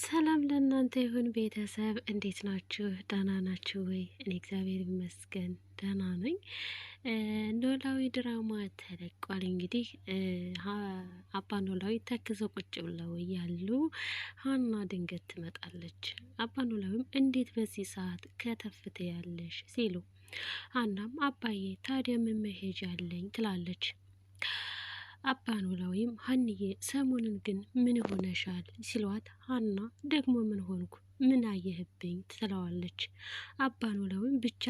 ሰላም ለእናንተ ይሁን ቤተሰብ፣ እንዴት ናችሁ? ደህና ናችሁ ወይ? እኔ እግዚአብሔር ይመስገን ደህና ነኝ። ኖላዊ ድራማ ተለቋል። እንግዲህ አባ ኖላዊ ተክዘው ቁጭ ብለው ያሉ ሀና ድንገት ትመጣለች። አባ ኖላዊም እንዴት በዚህ ሰዓት ከተፍት ያለሽ ሲሉ ሀናም አባዬ ታዲያ ምን መሄጃ አለኝ ትላለች። አባ ኖላዊም ሀንዬ ሰሞኑን ግን ምን ሆነሻል ሲሏት ሀና ደግሞ ምን ሆንኩ ምን አየህብኝ ትለዋለች። አባ ኖላዊም ብቻ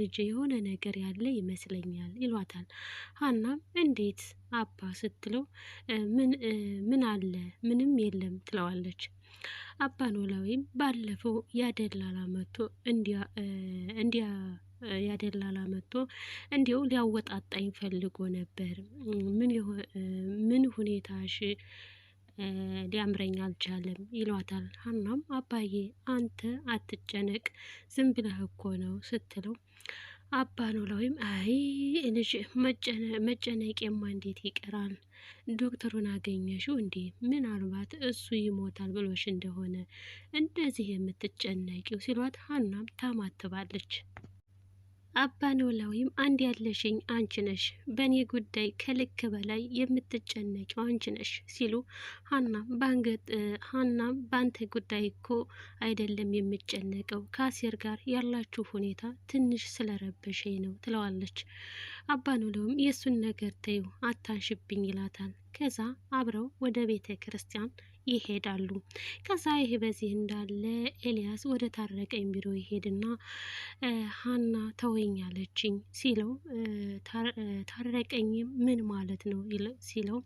ልጅ የሆነ ነገር ያለ ይመስለኛል ይሏታል። ሀናም እንዴት አባ ስትለው ምን አለ ምንም የለም ትለዋለች። አባ ኖላዊም ባለፈው ያደላላ መጥቶ እንዲያ ያደላላ መጥቶ እንዲሁ ሊያወጣጣኝ ፈልጎ ነበር። ምን ሁኔታሽ ሊያምረኝ አልቻለም ይሏታል። ሀናም አባዬ አንተ አትጨነቅ፣ ዝም ብለህ እኮ ነው ስትለው አባ ነው ኖላዊም አይ ልጅ የማ እንዴት ይቀራል? ዶክተሩን አገኘሽው እንዴ? ምናልባት እሱ ይሞታል ብሎሽ እንደሆነ እንደዚህ የምትጨነቂው ሲሏት ሀናም ታማትባለች። አባ ኖላዊም አንድ ያለሽኝ አንቺ ነሽ፣ በእኔ ጉዳይ ከልክ በላይ የምትጨነቂው አንቺ ነሽ ሲሉ ሀና ባንገት ሀና በአንተ ጉዳይ እኮ አይደለም የምጨነቀው ከአሴር ጋር ያላችሁ ሁኔታ ትንሽ ስለረበሸኝ ነው ትለዋለች። አባ ኖላዊም የእሱን ነገር ተይው አታንሽብኝ ይላታል። ከዛ አብረው ወደ ቤተ ክርስቲያን ይሄዳሉ። ከዛ ይሄ በዚህ እንዳለ ኤልያስ ወደ ታረቀኝ ቢሮ ይሄድና ሀና ተወኛለችኝ ሲለው ታረቀኝ ምን ማለት ነው ሲለው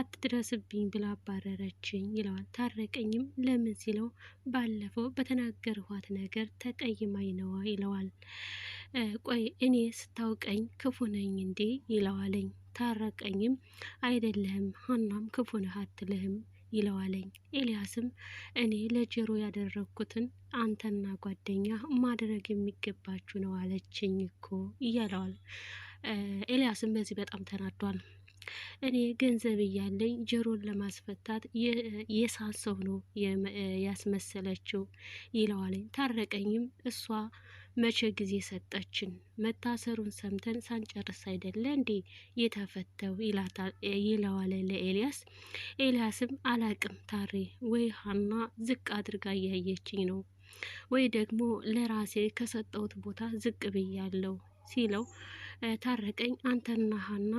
አትድረስብኝ ብላ አባረረችኝ ይለዋል። ታረቀኝም ለምን ሲለው ባለፈው በተናገርኋት ነገር ተቀይማኝ ነዋ ይለዋል። ቆይ እኔ ስታውቀኝ ክፉ ነኝ እንዴ ይለዋለኝ። ታረቀኝም አይደለህም ሀናም ክፉ ነህ አትልህም ይለዋለኝ። ኤልያስም እኔ ለጆሮ ያደረግኩትን አንተና ጓደኛ ማድረግ የሚገባችሁ ነው አለችኝ እኮ እያለዋል። ኤልያስም በዚህ በጣም ተናዷል። እኔ ገንዘብ እያለኝ ጀሮን ለማስፈታት የሳሰው ነው ያስመሰለችው ይለዋለኝ። ታረቀኝም እሷ መቼ ጊዜ ሰጠችን? መታሰሩን ሰምተን ሳንጨርስ አይደለ እንዴ የተፈተው ይለዋል ለኤልያስ። ኤልያስም አላቅም ታሬ፣ ወይ ሀና ዝቅ አድርጋ እያየችኝ ነው፣ ወይ ደግሞ ለራሴ ከሰጠሁት ቦታ ዝቅ ብያለሁ ሲለው ታረቀኝ አንተና ሀና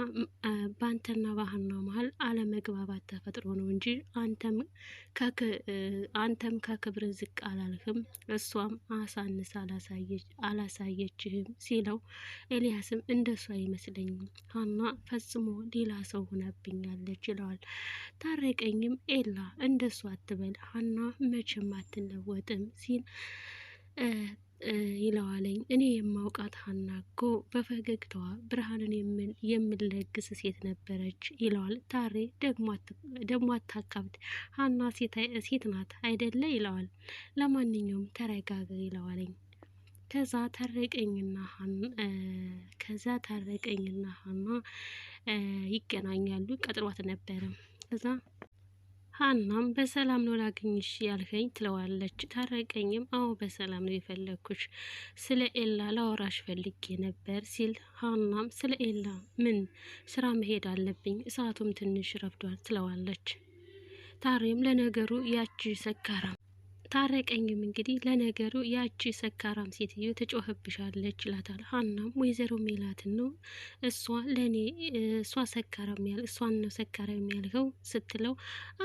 በአንተና በሀና መሀል አለመግባባት ተፈጥሮ ነው እንጂ አንተም ከክብር ዝቅ አላልህም፣ እሷም አሳንስ አላሳየችህም ሲለው ኤልያስም እንደሱ አይመስለኝም፣ ሀና ፈጽሞ ሌላ ሰው ሆነብኛለች ይለዋል። ታረቀኝም ኤላ እንደሱ አትበል፣ ሀና መቼም አትለወጥም ሲል ይለዋለኝ። እኔ የማውቃት ሀና እኮ በፈገግታዋ ብርሃንን የምለግስ ሴት ነበረች ይለዋል። ታሬ ደግሞ አታካብድ፣ ሀና ሴት ናት አይደለ ይለዋል። ለማንኛውም ተረጋጋ ይለዋለኝ። ከዛ ተረቀኝና ከዛ ተረቀኝና ሀና ይገናኛሉ። ቀጥሯት ነበረ። ከዛ ሀናም በሰላም ነው ላገኝሽ ያልከኝ ትለዋለች። ታረቀኝም አዎ በሰላም ነው የፈለግኩሽ፣ ስለ ኤላ ላወራሽ ፈልጌ ነበር ሲል ሀናም ስለ ኤላ ምን ስራ መሄድ አለብኝ፣ እሳቱም ትንሽ ረፍዷል ትለዋለች። ታሬም ለነገሩ ያቺ ሰካራም ታረቀኝም እንግዲህ ለነገሩ ያቺ ሰካራም ሴትዮ ተጮኸብሻለች ይላታል። ሀናም ወይዘሮ ሜላትን ነው እሷ ለእኔ እሷ ሰካራ ያል እሷን ነው ሰካራ የሚያልኸው ስትለው፣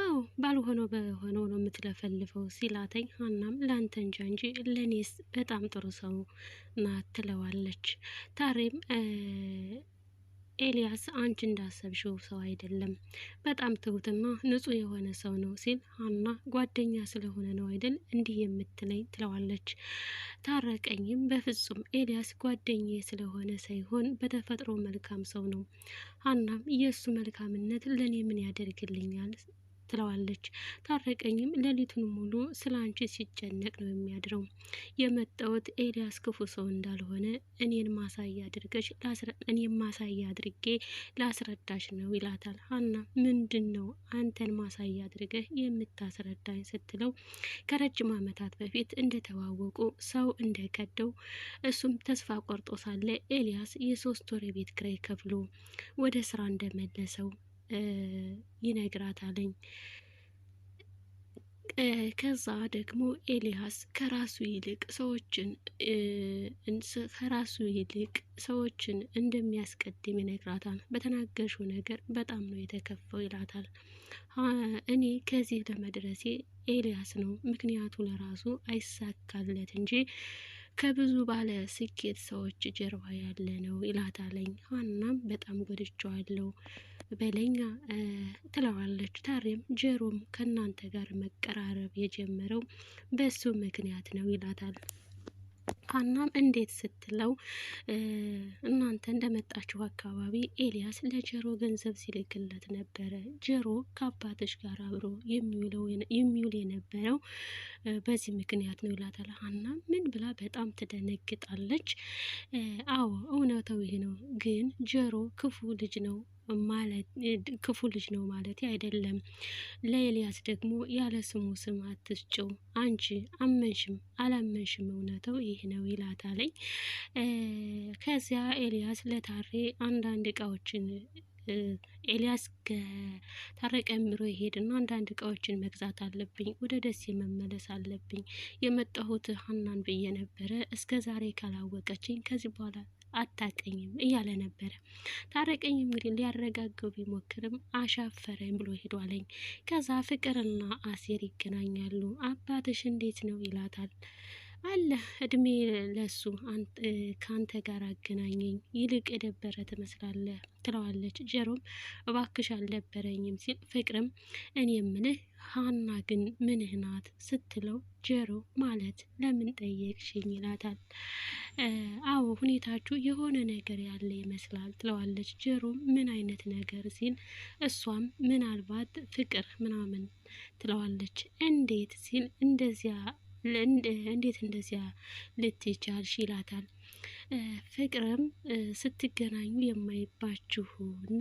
አዎ ባልሆነ በሆነ ነው የምትለፈልፈው ሲላተኝ፣ ሀናም ለአንተ እንጃ እንጂ ለእኔስ በጣም ጥሩ ሰው ናት ትለዋለች። ታሬም ኤልያስ አንቺ እንዳሰብሽው ሰው አይደለም፣ በጣም ትሁትና ንጹህ የሆነ ሰው ነው ሲል ሀና ጓደኛ ስለሆነ ነው አይደል እንዲህ የምትለኝ ትለዋለች። ታረቀኝም በፍጹም ኤልያስ ጓደኛ ስለሆነ ሳይሆን በተፈጥሮ መልካም ሰው ነው። ሀናም የእሱ መልካምነት ለእኔ ምን ያደርግልኛል ትለዋለች። ታረቀኝም ሌሊቱን ሙሉ ስለ አንቺ ሲጨነቅ ነው የሚያድረው። የመጣሁት ኤልያስ ክፉ ሰው እንዳልሆነ እኔን ማሳያ አድርገሽ እኔን ማሳያ አድርጌ ላስረዳሽ ነው ይላታል። ሀና ምንድን ነው አንተን ማሳያ አድርገህ የምታስረዳኝ ስትለው ከረጅም ዓመታት በፊት እንደተዋወቁ ሰው እንደከደው እሱም ተስፋ ቆርጦ ሳለ ኤልያስ የሶስት ወር ቤት ክራይ ከፍሎ ወደ ስራ እንደመለሰው ይነግራታለኝ። ከዛ ደግሞ ኤልያስ ከራሱ ይልቅ ሰዎችን ከራሱ ይልቅ ሰዎችን እንደሚያስቀድም ይነግራታል። በተናገሹ ነገር በጣም ነው የተከፈው ይላታል። እኔ ከዚህ ለመድረሴ ኤልያስ ነው ምክንያቱ ለራሱ አይሳካለት እንጂ ከብዙ ባለ ስኬት ሰዎች ጀርባ ያለ ነው ይላታለኝ። ሀናም በጣም ጎድቸዋለሁ በለኛ ትለዋለች። ታሬም ጀሮም ከእናንተ ጋር መቀራረብ የጀመረው በሱ ምክንያት ነው ይላታል። ሀናም እንዴት ስትለው እናንተ እንደመጣችሁ አካባቢ ኤልያስ ለጀሮ ገንዘብ ሲልክለት ነበረ። ጀሮ ከአባትሽ ጋር አብሮ የሚውል የነበረው በዚህ ምክንያት ነው ይላታል። አና ምን ብላ በጣም ትደነግጣለች። አዎ እውነታው ነው፣ ግን ጀሮ ክፉ ልጅ ነው ማለት ክፉ ልጅ ነው ማለት አይደለም። ለኤልያስ ደግሞ ያለ ስሙ ስም አትስጭው፣ አንቺ አመንሽም አላመንሽም እውነተው ይህ ነው ይላታለኝ። ከዚያ ኤልያስ ለታሬ አንዳንድ እቃዎችን ኤልያስ ከታሬ ቀምሮ ይሄድና አንዳንድ እቃዎችን መግዛት አለብኝ፣ ወደ ደሴ መመለስ አለብኝ። የመጣሁት ሀናን ብዬ ነበረ እስከ ዛሬ ካላወቀችኝ ከዚህ በኋላ አታቀኝም እያለ ነበረ። ታረቀኝ እንግዲህ ሊያረጋገው ቢሞክርም አሻፈረኝ ብሎ ሄዷለኝ። ከዛ ፍቅርና አሴር ይገናኛሉ። አባትሽ እንዴት ነው ይላታል። አለ እድሜ ለሱ ከአንተ ጋር አገናኘኝ፣ ይልቅ የደበረ ትመስላለህ ትለዋለች። ጀሮም እባክሽ አልነበረኝም ሲል ፍቅርም እኔ ምልህ ሀና ግን ምንህ ናት ስትለው ጀሮ ማለት ለምን ጠየቅሽኝ ይላታል። አዎ ሁኔታችሁ የሆነ ነገር ያለ ይመስላል ትለዋለች። ጀሮም ምን አይነት ነገር ሲል እሷም ምናልባት ፍቅር ምናምን ትለዋለች። እንዴት ሲል እንደዚያ እንዴት እንደዚያ ልትቻልሽ ይላታል። ፍቅርም ስትገናኙ የማይባችሁ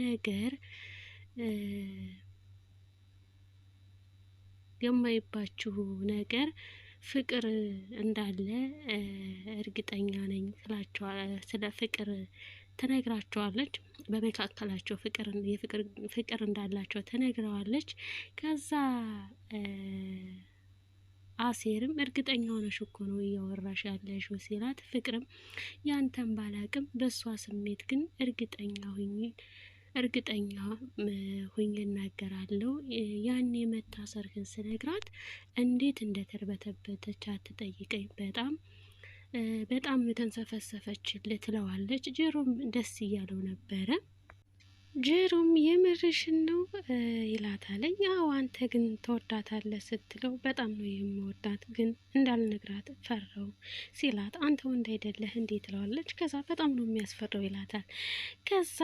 ነገር የማይባችሁ ነገር ፍቅር እንዳለ እርግጠኛ ነኝ ስላቸዋል። ስለ ፍቅር ትነግራቸዋለች። በመካከላቸው ፍቅር እንዳላቸው ትነግረዋለች። ከዛ አሴርም እርግጠኛ ሆነሽ እኮ ነው እያወራሽ ያለሽ ሲላት፣ ፍቅርም ያንተን ባላቅም በእሷ ስሜት ግን እርግጠኛ ሁኝ እርግጠኛ ሁኝ እናገራለሁ። ያኔ መታሰርህን ስነግራት እንዴት እንደተርበተበተች አትጠይቀኝ። በጣም በጣም ተንሰፈሰፈች ልትለዋለች። ጀሮም ደስ እያለው ነበረ። ጅሩም የምርሽን ነው ይላታለኝ። አዎ አንተ ግን ትወዳታለህ ስትለው በጣም ነው የምወዳት ግን እንዳልነግራት ፈረው ሲላት አንተ ወንድ አይደለህ እንዴ ትለዋለች። ከዛ በጣም ነው የሚያስፈራው ይላታል። ከዛ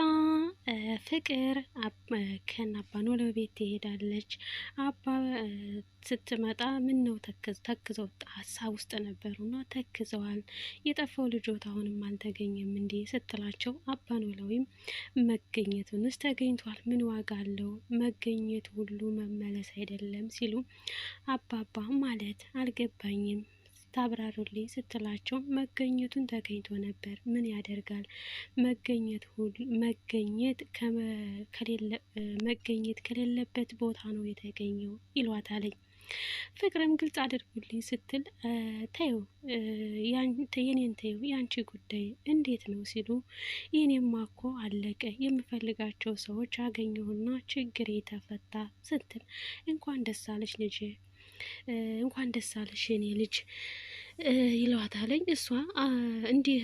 ፍቅር ከነ አባ ቤት ትሄዳለች። አባ ስትመጣ ምን ነው ተክዘው ሀሳብ ውስጥ ነበሩና ተክዘዋል። የጠፋው ልጆት አሁንም አልተገኘም እንዴ ስትላቸው አባ ኖላዊም መገኘቱን አምስት ተገኝቷል። ምን ዋጋ አለው መገኘት ሁሉ መመለስ አይደለም ሲሉ አባባ ማለት አልገባኝም ታብራሩልኝ ስትላቸው መገኘቱን ተገኝቶ ነበር። ምን ያደርጋል መገኘት ሁሉ መገኘት ከሌለ መገኘት ከሌለበት ቦታ ነው የተገኘው ይሏታለኝ። ፍቅርም ግልጽ አድርጉልኝ ስትል ተይው የኔን ተይው የአንቺ ጉዳይ እንዴት ነው ሲሉ የኔማ እኮ አለቀ የምፈልጋቸው ሰዎች አገኘሁና ችግር የተፈታ ስትል እንኳን ደስ አለሽ ልጄ እንኳን ደስ አለሽ የኔ ልጅ ይለዋታለኝ። እሷ እንዲህ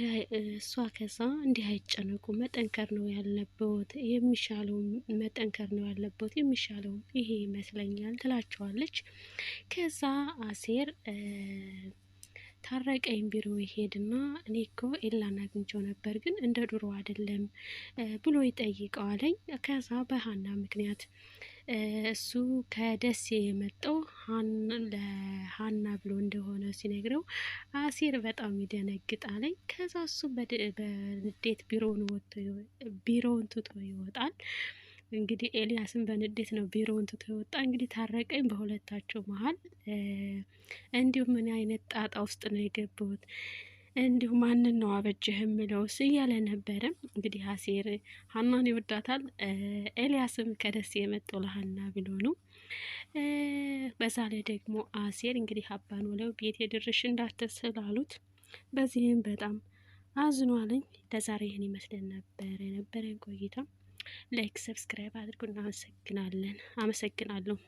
እሷ ከዛ እንዲህ አይጨነቁ መጠንከር ነው ያለበት የሚሻለው መጠንከር ነው ያለበት የሚሻለው ይሄ ይመስለኛል ትላቸዋለች። ከዛ አሴር ታረቀኝ ቢሮ ይሄድና እኔ እኮ ኤላን አግኝቼው ነበር ግን እንደ ድሮ አይደለም ብሎ ይጠይቀዋለኝ። ከዛ በሀና ምክንያት እሱ ከደሴ የመጣው ለሀና ብሎ እንደሆነ ሲነግረው አሴር በጣም ይደነግጣለኝ። ከዛ እሱ በንዴት ቢሮውን ቢሮውን ትቶ ይወጣል። እንግዲህ ኤልያስን በንዴት ነው ቢሮውን ትቶ የወጣ። እንግዲህ ታረቀኝ በሁለታቸው መሀል እንዲሁም ምን አይነት ጣጣ ውስጥ ነው የገቡት፣ እንዲሁ ማንን ነው አበጀህ የምለውስ እያለ ነበረ። እንግዲህ አሴር ሀናን ይወዳታል፣ ኤልያስም ከደስ የመጡ ለሀና ብሎ ነው። በዛ ላይ ደግሞ አሴር እንግዲህ አባን ወለው ቤት የድርሽ እንዳትስላሉት፣ በዚህም በጣም አዝኗለኝ። ለዛሬ ይህን ይመስለን ነበር የነበረን ቆይታ ላይክ፣ ሰብስክራይብ አድርጉ። እናመሰግናለን። አመሰግናለሁ።